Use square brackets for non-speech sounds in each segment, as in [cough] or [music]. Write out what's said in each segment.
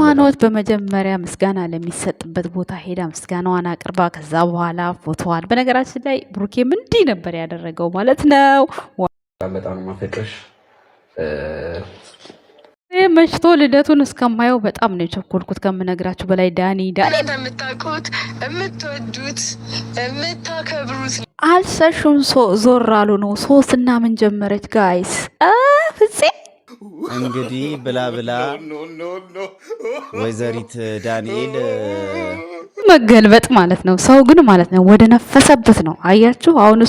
ማኖት በመጀመሪያ ምስጋና ለሚሰጥበት ቦታ ሄዳ ምስጋናዋን አቅርባ ከዛ በኋላ ፎቶዋል። በነገራችን ላይ ብሩኬም እንዲህ ነበር ያደረገው ማለት ነው። መሽቶ ልደቱን እስከማየው በጣም ነው የቸኮልኩት ከምነግራችሁ በላይ ዳኒ ዳኒ በምታውቁት የምትወዱት የምታከብሩት አልሰሹን ዞር አሉ ነው ሶስትና ምን ጀመረች ጋይስ ፍፄ እንግዲህ ብላ ብላ ወይዘሪት ዳንኤል መገልበጥ ማለት ነው። ሰው ግን ማለት ነው ወደ ነፈሰበት ነው። አያችሁ አሁን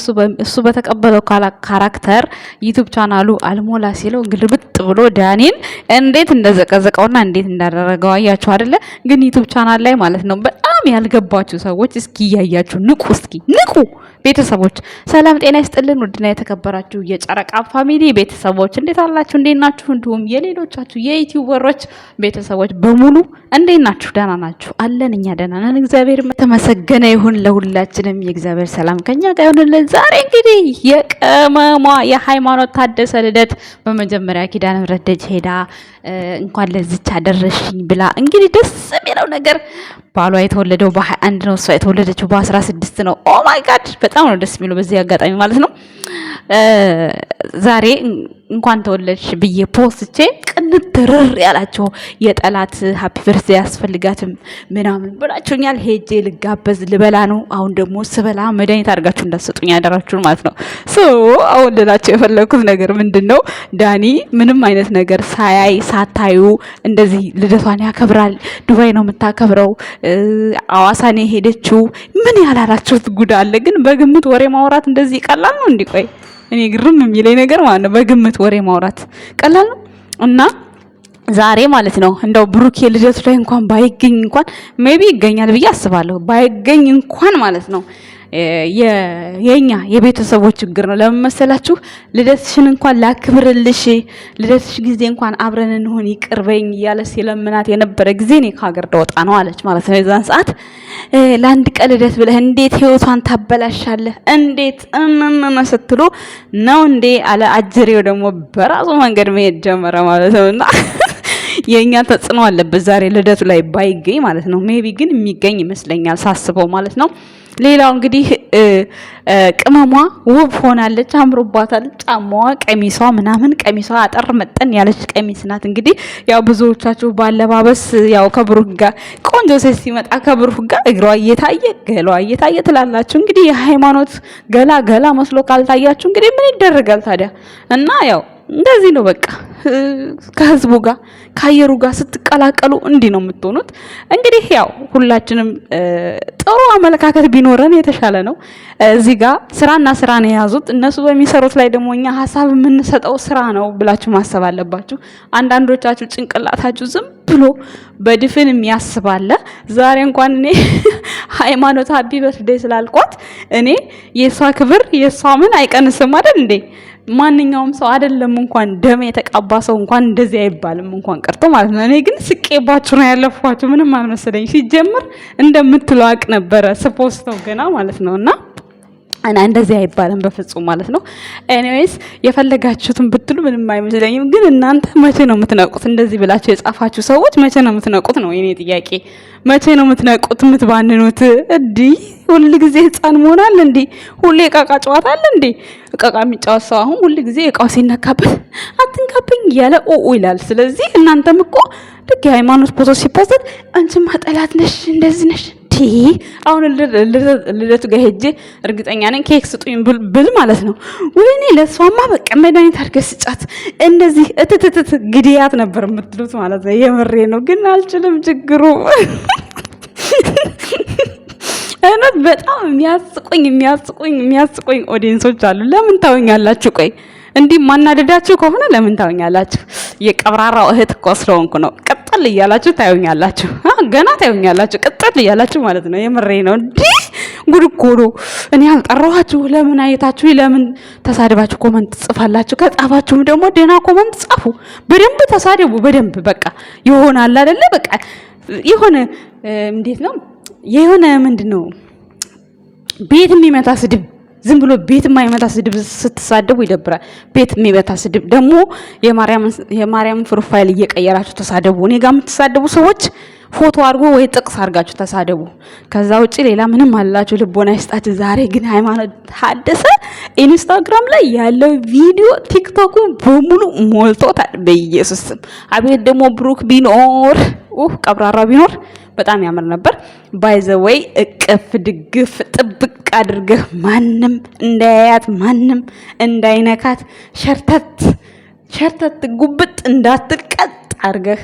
እሱ በተቀበለው ካራክተር ዩቱብ ቻናሉ አልሞላ ሲለው ግልብጥ ብሎ ዳኒን እንዴት እንደዘቀዘቀውና እንዴት እንዳደረገው አያችሁ አይደለ? ግን ዩቱብ ቻናል ላይ ማለት ነው በጣም በጣም ያልገባችሁ ሰዎች እስኪ እያያችሁ ንቁ፣ እስኪ ንቁ ቤተሰቦች። ሰላም ጤና ይስጥልን ውድና የተከበራችሁ የጨረቃ ፋሚሊ ቤተሰቦች እንዴት አላችሁ? እንዴት ናችሁ? እንዲሁም የሌሎቻችሁ የዩቲዩበሮች ቤተሰቦች በሙሉ እንዴት ናችሁ? ደህና ናችሁ? አለን እኛ ደህና ነን፣ እግዚአብሔር የተመሰገነ ይሁን። ለሁላችንም የእግዚአብሔር ሰላም ከኛ ጋር ይሁንልን። ዛሬ እንግዲህ የቅመሟ የሃይማኖት ታደሰ ልደት በመጀመሪያ ኪዳነ ምሕረት ደጅ ሄዳ እንኳን ለዚች አደረሽኝ ብላ እንግዲህ ደስ የሚለው ነገር ባሏ የተወለደው በ21 ነው፣ እሷ የተወለደችው በ16 ነው። ኦ ማይ ጋድ በጣም ነው ደስ የሚለው በዚህ አጋጣሚ ማለት ነው ዛሬ እንኳን ተወለድሽ ብዬ ፖስቼ ቅንትርር ትርር ያላቸው የጠላት ሀፒ በርዝ ያስፈልጋትም ምናምን ብላችሁኛል። ሄጄ ልጋበዝ ልበላ ነው። አሁን ደግሞ ስበላ መድኃኒት አድርጋችሁ እንዳሰጡኝ ያደራችሁን ማለት ነው። ሶ አሁን ልላቸው የፈለግኩት ነገር ምንድን ነው፣ ዳኒ ምንም አይነት ነገር ሳያይ ሳታዩ እንደዚህ ልደቷን ያከብራል። ዱባይ ነው የምታከብረው፣ አዋሳኔ ሄደችው። ምን ያላላችሁት ጉዳ አለ ግን በግምት ወሬ ማውራት እንደዚህ ይቀላል ነው እንዲቆይ እኔ ግርም የሚለኝ ነገር ማለት ነው በግምት ወሬ ማውራት ቀላል ነው እና ዛሬ ማለት ነው እንደው ብሩክ የልደቱ ላይ እንኳን ባይገኝ እንኳን ሜቢ ይገኛል ብዬ አስባለሁ። ባይገኝ እንኳን ማለት ነው የኛ የቤተሰቦች ችግር ነው። ለምን መሰላችሁ? ልደትሽን እንኳን ላክብርልሽ፣ ልደትሽ ጊዜ እንኳን አብረን እንሆን፣ ይቅርበኝ እያለ ሲለምናት የነበረ ጊዜ እኔ ከሀገር ደወጣ ነው አለች ማለት ነው የዛን ሰዓት ለአንድ ቀን ልደት ብለህ እንዴት ህይወቷን ታበላሻለህ? እንዴት እንንነ ስትሉ ነው እንዴ አለ። አጅሬው ደግሞ በራሱ መንገድ መሄድ ጀመረ ማለት ነው እና [laughs] የእኛ ተጽዕኖ አለበት ዛሬ ልደቱ ላይ ባይገኝ ማለት ነው። ሜቢ ግን የሚገኝ ይመስለኛል ሳስበው ማለት ነው። ሌላው እንግዲህ ቅመሟ ውብ ሆናለች፣ አምሮባታል። ጫማዋ፣ ቀሚሷ ምናምን ቀሚሷ አጠር መጠን ያለች ቀሚስ ናት። እንግዲህ ያው ብዙዎቻችሁ ባለባበስ ያው ከብሩክ ጋር ቆንጆ ሴት ሲመጣ ከብሩክ ጋር እግሯ እየታየ ገሏ እየታየ ትላላችሁ። እንግዲህ የሃይማኖት ገላ ገላ መስሎ ካልታያችሁ እንግዲህ ምን ይደረጋል ታዲያ እና ያው እንደዚህ ነው በቃ ከህዝቡ ጋር ከአየሩ ጋር ስትቀላቀሉ እንዲህ ነው የምትሆኑት። እንግዲህ ያው ሁላችንም ጥሩ አመለካከት ቢኖረን የተሻለ ነው። እዚህ ጋር ስራና ስራ ነው የያዙት እነሱ በሚሰሩት ላይ ደግሞ እኛ ሀሳብ የምንሰጠው ስራ ነው ብላችሁ ማሰብ አለባችሁ። አንዳንዶቻችሁ ጭንቅላታችሁ ዝም ብሎ በድፍን የሚያስባለ ዛሬ እንኳን እኔ [laughs] ሃይማኖት ሀቢ በርዴ ስላልኳት እኔ የእሷ ክብር የእሷ ምን አይቀንስም አይደል እንዴ ማንኛውም ሰው አይደለም እንኳን ደም የተቃባ ሰው እንኳን እንደዚህ አይባልም፣ እንኳን ቀርቶ ማለት ነው። እኔ ግን ስቄባችሁ ነው ያለፏችሁ። ምንም አልመሰለኝ። ሲጀምር እንደምትለው አቅ ነበረ ስፖስተው ገና ማለት ነው እና እና እንደዚህ አይባልም በፍጹም ማለት ነው። ኤኒዌይስ የፈለጋችሁትን ብትሉ ምንም አይመስለኝም፣ ግን እናንተ መቼ ነው የምትነቁት? እንደዚህ ብላችሁ የጻፋችሁ ሰዎች መቼ ነው የምትነቁት ነው የኔ ጥያቄ። መቼ ነው የምትነቁት? የምትባንኑት? እንዲህ ሁል ጊዜ ህፃን መሆናል እንዲ ሁሌ እቃቃ ጨዋታ አለ እንዴ? እቃቃ የሚጫወት ሰው አሁን ሁል ጊዜ እቃው ሲነካበት [laughs] አትንካብኝ እያለ ኦኦ ይላል። ስለዚህ እናንተም እኮ ልክ የሃይማኖት ፎቶ ሲፖስት አንቺማ ጠላት ነሽ እንደዚህ ነሽ አሁን ልደቱ ጋር ሄጄ እርግጠኛ ነኝ ኬክ ስጡኝ ብል ማለት ነው። ወይኔ ለእሷማ በቃ መድኃኒት አድርገሽ ስጫት እንደዚህ እትትትት ግድያት ነበር የምትሉት ማለት ነው። የምሬ ነው ግን አልችልም። ችግሩ እውነት በጣም የሚያስቁኝ የሚያስቁኝ የሚያስቁኝ ኦዲየንሶች አሉ። ለምን ታወኛላችሁ? ቆይ እንዲህ ማናደዳችሁ ከሆነ ለምን ታወኛላችሁ? የቀብራራው እህት እኮ ስለሆንኩ ነው። ቅጥል እያላችሁ ታዩኛላችሁ፣ ገና ታዩኛላችሁ፣ ቅጥል እያላችሁ ማለት ነው። የምሬ ነው። እንዲህ ጉድ እኮ ነው። እኔ ያልጠራኋችሁ ለምን አየታችሁ? ለምን ተሳድባችሁ ኮመንት ትጽፋላችሁ? ከጻፋችሁም ደግሞ ደህና ኮመንት ጻፉ። በደንብ ተሳደቡ። በደንብ በቃ ይሆናል አይደለ? በቃ የሆነ እንዴት ነው የሆነ ምንድን ነው ቤት የሚመታ ስድብ ዝም ብሎ ቤት የማይመታ ስድብ ስትሳደቡ ይደብራል። ቤት የሚመታ ስድብ ደግሞ የማርያም ፕሮፋይል እየቀየራችሁ ተሳደቡ። እኔ ጋር የምትሳደቡ ሰዎች ፎቶ አድርጎ ወይ ጥቅስ አድርጋችሁ ተሳደቡ። ከዛ ውጭ ሌላ ምንም አላችሁ ልቦና ይስጣችሁ። ዛሬ ግን ሃይማኖት ታደሰ ኢንስታግራም ላይ ያለው ቪዲዮ ቲክቶኩ በሙሉ ሞልቶታል። በኢየሱስ ስም አቤት ደግሞ ብሩክ ቢኖር ቀብራራ ቢኖር በጣም ያምር ነበር። ወይ እቅፍ ድግፍ ጥብቅ አድርገህ ማንም እንዳያያት ማንም እንዳይነካት ሸርተት ሸርተት ጉብጥ እንዳትል ቀጥ አድርገህ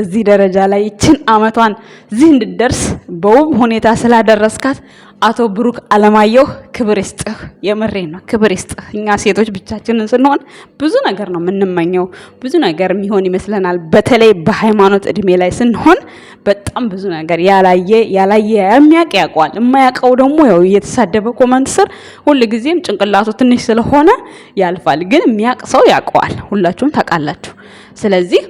እዚህ ደረጃ ላይ ይችን አመቷን እዚህ እንድደርስ በውብ ሁኔታ ስላደረስካት አቶ ብሩክ አለማየሁ ክብር ይስጥህ። የምሬ ነው፣ ክብር ይስጥህ። እኛ ሴቶች ብቻችንን ስንሆን ብዙ ነገር ነው የምንመኘው፣ ብዙ ነገር የሚሆን ይመስለናል። በተለይ በሃይማኖት እድሜ ላይ ስንሆን በጣም ብዙ ነገር ያላየ ያላየ የሚያውቅ ያውቀዋል። የማያውቀው ደግሞ ያው እየተሳደበ ኮመንት ስር ጊዜም ጭንቅላቱ ትንሽ ስለሆነ ያልፋል። ግን የሚያውቅ ሰው ያውቀዋል። ሁላችሁም ታውቃላችሁ። ስለዚህ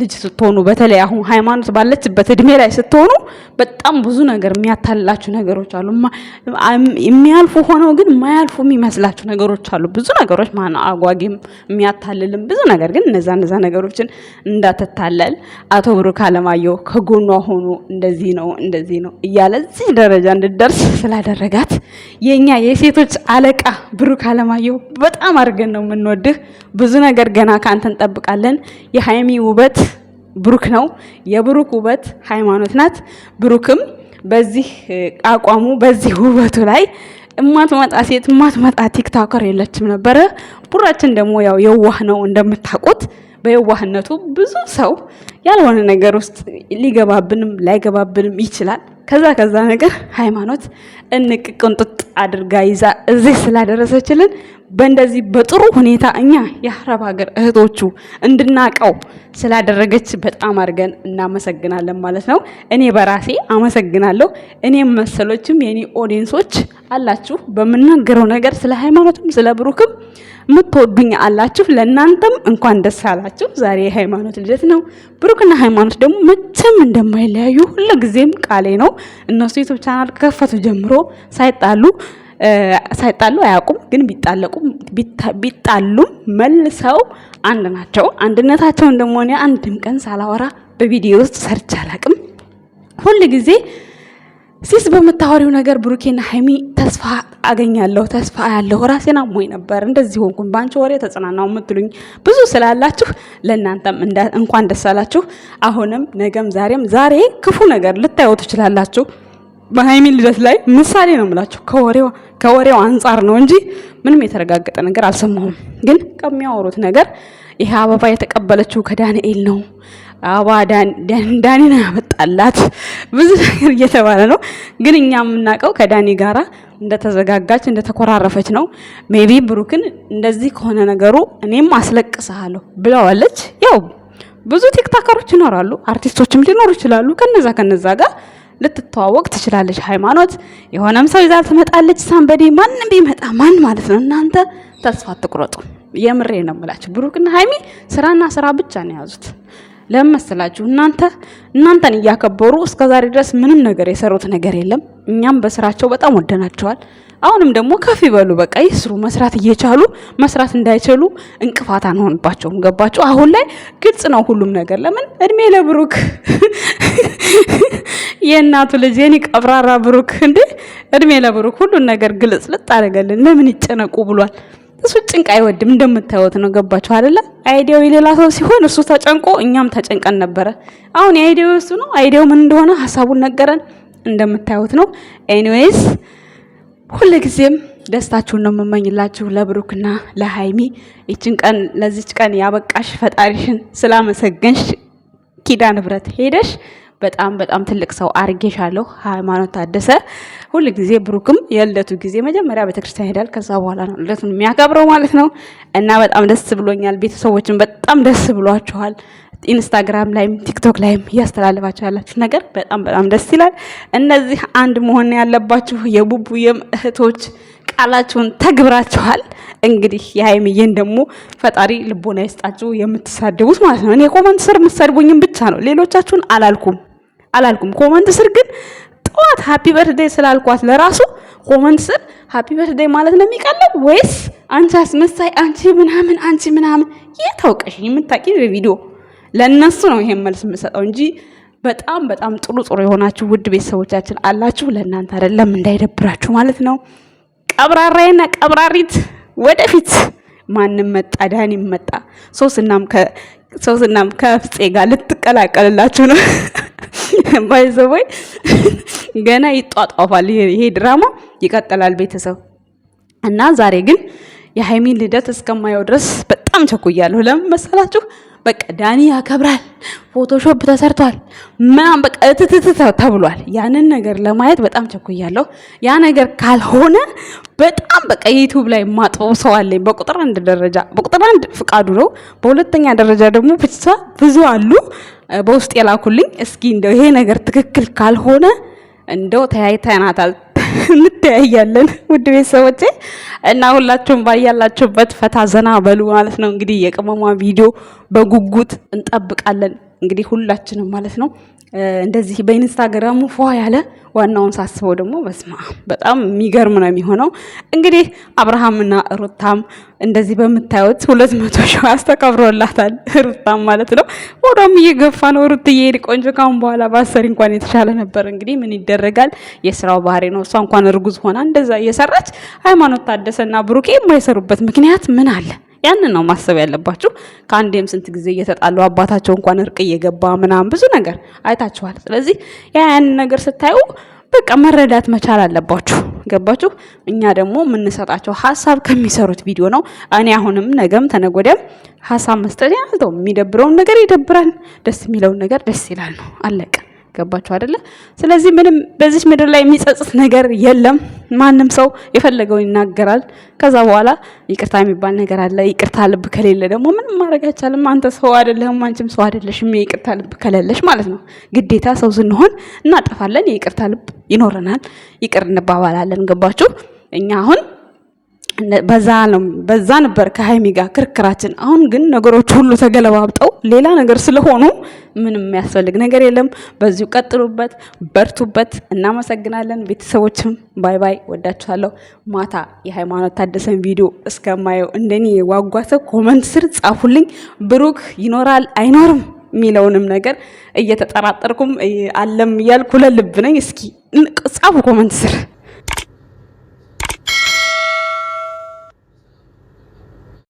ልጅ ስትሆኑ በተለይ አሁን ሃይማኖት ባለችበት እድሜ ላይ ስትሆኑ በጣም ብዙ ነገር የሚያታልላችሁ ነገሮች አሉ። የሚያልፉ ሆነው ግን የማያልፉ የሚመስላችሁ ነገሮች አሉ። ብዙ ነገሮች ማ አጓጊም የሚያታልልም ብዙ ነገር ግን እነዛ እነዛ ነገሮችን እንዳትታለል አቶ ብሩክ አለማየሁ ከጎኗ ሆኖ እንደዚህ ነው እንደዚህ ነው እያለ እዚህ ደረጃ እንድደርስ ስላደረጋት የእኛ የሴቶች አለቃ ብሩክ አለማየሁ በጣም አድርገን ነው የምንወድህ። ብዙ ነገር ገና ከአንተ እንጠብቃለን። የሀይሚ ውበት ብሩክ ነው። የብሩክ ውበት ሃይማኖት ናት። ብሩክም በዚህ አቋሙ በዚህ ውበቱ ላይ እማትመጣ ሴት እማትመጣ ቲክታከር የለችም ነበረ። ቡራችን ደግሞ ያው የዋህ ነው እንደምታውቁት። በየዋህነቱ ብዙ ሰው ያልሆነ ነገር ውስጥ ሊገባብንም ላይገባብንም ይችላል። ከዛ ከዛ ነገር ሃይማኖት እንቅ ቅንጥጥ አድርጋ ይዛ እዚህ ስላደረሰችልን በእንደዚህ በጥሩ ሁኔታ እኛ የአረብ ሀገር እህቶቹ እንድናቀው ስላደረገች በጣም አድርገን እናመሰግናለን ማለት ነው። እኔ በራሴ አመሰግናለሁ። እኔም መሰሎችም የኔ ኦዲንሶች አላችሁ። በምናገረው ነገር ስለ ሃይማኖትም ስለ ብሩክም የምትወዱኝ አላችሁ፣ ለእናንተም እንኳን ደስ አላችሁ። ዛሬ የሃይማኖት ልደት ነው። ብሩክና ሃይማኖት ደግሞ መቼም እንደማይለያዩ ሁሉ ጊዜም ቃሌ ነው። እነሱ ዩቱብ ቻናል ከከፈቱ ጀምሮ ሳይጣሉ ሳይጣሉ አያውቁም። ግን ቢጣለቁ ቢጣሉም መልሰው አንድ ናቸው። አንድነታቸውን ደግሞ እኔ አንድም ቀን ሳላወራ በቪዲዮ ውስጥ ሰርች አላቅም። ሁል ጊዜ ሲስ በምታወሪው ነገር ብሩኬና ሃይሚ ተስፋ አገኛለሁ ተስፋ አያለሁ ራሴን አሞኝ ነበር እንደዚህ ሆንኩኝ በአንቺ ወሬ ተጽናናው የምትሉኝ ብዙ ስላላችሁ ለእናንተም እንኳን ደስ አላችሁ። አሁንም ነገም ዛሬም ዛሬ ክፉ ነገር ልታየው ትችላላችሁ። በሃይሚን ልደት ላይ ምሳሌ ነው የምላችሁ ከወሬው አንጻር ነው እንጂ ምንም የተረጋገጠ ነገር አልሰማሁም። ግን ከሚያወሩት ነገር ይሄ አበባ የተቀበለችው ከዳንኤል ነው አባ ዳኒን ያመጣላት ብዙ ነገር እየተባለ ነው። ግን እኛ የምናውቀው ከዳኒ ጋራ እንደተዘጋጋች እንደተኮራረፈች ነው። ሜቢ ብሩክን እንደዚህ ከሆነ ነገሩ እኔም አስለቅስሃለሁ ብለዋለች። ያው ብዙ ቲክታከሮች ይኖራሉ፣ አርቲስቶችም ሊኖሩ ይችላሉ። ከነዛ ከነዛ ጋር ልትተዋወቅ ትችላለች። ሃይማኖት የሆነም ሰው ይዛ ትመጣለች። ሳንበዴ ማንም ቢመጣ ማን ማለት ነው። እናንተ ተስፋ አትቁረጡ። የምሬ ነው የምላችሁ። ብሩክና ሀይሚ ስራና ስራ ብቻ ነው የያዙት። ለምን መሰላችሁ? እናንተ እናንተን እያከበሩ እስከ ዛሬ ድረስ ምንም ነገር የሰሩት ነገር የለም። እኛም በስራቸው በጣም ወደናቸዋል። አሁንም ደግሞ ከፍ ይበሉ፣ በቃ ይስሩ። መስራት እየቻሉ መስራት እንዳይችሉ እንቅፋት አንሆንባቸውም። ገባችሁ? አሁን ላይ ግልጽ ነው ሁሉም ነገር። ለምን እድሜ ለብሩክ [laughs] የእናቱ ልጅ የኔ ቀብራራ ብሩክ እንዴ! እድሜ ለብሩክ ሁሉን ነገር ግልጽ ልጥ አደረገልን። ለምን ይጨነቁ ብሏል። እሱ ጭንቅ አይወድም እንደምታዩት ነው። ገባችሁ አይደለ? አይዲያው የሌላ ሰው ሲሆን እሱ ተጨንቆ እኛም ተጨንቀን ነበረ። አሁን የአይዲያው እሱ ነው። አይዲያው ምን እንደሆነ ሀሳቡን ነገረን እንደምታዩት ነው። ኤኒዌይስ ሁልጊዜም ደስታችሁን ነው የምመኝላችሁ ለብሩክና ለሀይሚ። ይችን ቀን ለዚች ቀን ያበቃሽ ፈጣሪሽን ስላመሰገንሽ ኪዳ ንብረት ሄደሽ በጣም በጣም ትልቅ ሰው አርጌሻለሁ። ሃይማኖት ታደሰ ሁል ጊዜ ብሩክም የልደቱ ጊዜ መጀመሪያ ቤተክርስቲያን ሄዳል ከዛ በኋላ ነው ልደቱን የሚያከብረው ማለት ነው። እና በጣም ደስ ብሎኛል። ቤተሰቦችን በጣም ደስ ብሏችኋል። ኢንስታግራም ላይም ቲክቶክ ላይም እያስተላለፋችሁ ያላችሁ ነገር በጣም በጣም ደስ ይላል። እነዚህ አንድ መሆን ያለባችሁ የቡቡዬም እህቶች ቃላችሁን ተግብራችኋል። እንግዲህ የሀይምዬን ደግሞ ፈጣሪ ልቦና ይስጣችሁ የምትሳደቡት ማለት ነው። እኔ ኮመንት ስር የምትሰድቡኝም ብቻ ነው፣ ሌሎቻችሁን አላልኩም። አላልኩም። ኮመንት ስር ግን ጠዋት ሃፒ በርዴ ስላልኳት ለራሱ ኮመንት ስር ሃፒ በርዴ ማለት ነው የሚቀለው ወይስ አንቺ አስመሳይ፣ አንቺ ምናምን፣ አንቺ ምናምን የታውቀሽ የምታቂ በቪዲዮ ለእነሱ ነው ይሄን መልስ የምሰጠው እንጂ በጣም በጣም ጥሩ ጥሩ የሆናችሁ ውድ ቤተሰቦቻችን አላችሁ። ለእናንተ አይደለም እንዳይደብራችሁ ማለት ነው። ቀብራራዬና ቀብራሪት ወደፊት ማንም መጣ ዳኒም መጣ ሶስናም ከፍፄ ጋር ልትቀላቀልላችሁ ነው። ባይዘወይ [laughs] [laughs] ገና ይጧጧፋል ይሄ ድራማ ይቀጥላል ቤተሰብ እና ዛሬ ግን የሃይሚን ልደት እስከማየው ድረስ በጣም ቸኩያለሁ። ለምን መሰላችሁ? በቃ ዳኒ ያከብራል፣ ፎቶሾፕ ተሰርቷል፣ ምናምን በቃ እትትት ተብሏል። ያንን ነገር ለማየት በጣም ቸኩያለሁ። ያ ነገር ካልሆነ በጣም በቃ ዩቲዩብ ላይ ማጥበው ሰው አለኝ። በቁጥር አንድ ደረጃ በቁጥር አንድ ፍቃዱ ነው። በሁለተኛ ደረጃ ደግሞ ብቻ ብዙ አሉ በውስጥ የላኩልኝ እስኪ እንደው ይሄ ነገር ትክክል ካልሆነ እንደው ተያይተናታል [laughs] እንተያያለን። ውድ ቤተሰቦቼ እና ሁላችሁም ባያላችሁበት ፈታ ዘና በሉ ማለት ነው። እንግዲህ የቅመሟ ቪዲዮ በጉጉት እንጠብቃለን። እንግዲህ ሁላችንም ማለት ነው እንደዚህ በኢንስታግራሙ ፏ ያለ ዋናውን ሳስበው ደግሞ በስማ በጣም የሚገርም ነው የሚሆነው። እንግዲህ አብርሃምና ሩታም እንደዚህ በምታዩት ሁለት መቶ ሺህ አስተቀብሮላታል [laughs] ሩታም ማለት ነው ወዳም እየገፋ ነው። ሩት እየሄድ ቆንጆ ካሁን በኋላ በአሰሪ እንኳን የተሻለ ነበር። እንግዲህ ምን ይደረጋል፣ የስራው ባህሪ ነው። እሷ እንኳን እርጉዝ ሆና እንደዛ እየሰራች ሃይማኖት ታደሰና ብሩኬ የማይሰሩበት ምክንያት ምን አለ? ያንን ነው ማሰብ ያለባችሁ። ከአንዴም ስንት ጊዜ እየተጣሉ አባታቸው እንኳን እርቅ እየገባ ምናምን ብዙ ነገር አይታችኋል። ስለዚህ ያ ያንን ነገር ስታዩ በቃ መረዳት መቻል አለባችሁ። ገባችሁ? እኛ ደግሞ የምንሰጣቸው ሀሳብ ከሚሰሩት ቪዲዮ ነው። እኔ አሁንም ነገም ተነጎዳም ሀሳብ መስጠት ያልተው የሚደብረውን ነገር ይደብራል፣ ደስ የሚለውን ነገር ደስ ይላል ነው። አለቀ። ገባችሁ አደለ? ስለዚህ ምንም በዚህ ምድር ላይ የሚጸጽት ነገር የለም። ማንም ሰው የፈለገው ይናገራል። ከዛ በኋላ ይቅርታ የሚባል ነገር አለ። ይቅርታ ልብ ከሌለ ደግሞ ምንም ማድረግ አይቻልም። አንተ ሰው አይደለህም፣ አንቺም ሰው አይደለሽም። የይቅርታ ልብ ከሌለሽ ማለት ነው። ግዴታ ሰው ስንሆን እናጠፋለን። የይቅርታ ልብ ይኖረናል። ይቅር እንባባላለን። ገባችሁ? እኛ አሁን በዛ ነው በዛ ነበር ከሀይሚ ጋር ክርክራችን። አሁን ግን ነገሮች ሁሉ ተገለባብጠው ሌላ ነገር ስለሆኑ ምንም የሚያስፈልግ ነገር የለም። በዚሁ ቀጥሉበት፣ በርቱበት። እናመሰግናለን። ቤተሰቦችም ባይ ባይ፣ ወዳችኋለሁ። ማታ የሃይማኖት ታደሰን ቪዲዮ እስከማየው እንደኔ የዋጓሰ ኮመንት ስር ጻፉልኝ። ብሩክ ይኖራል አይኖርም የሚለውንም ነገር እየተጠራጠርኩም አለም እያልኩ ለልብ ነኝ። እስኪ ጻፉ ኮመንት ስር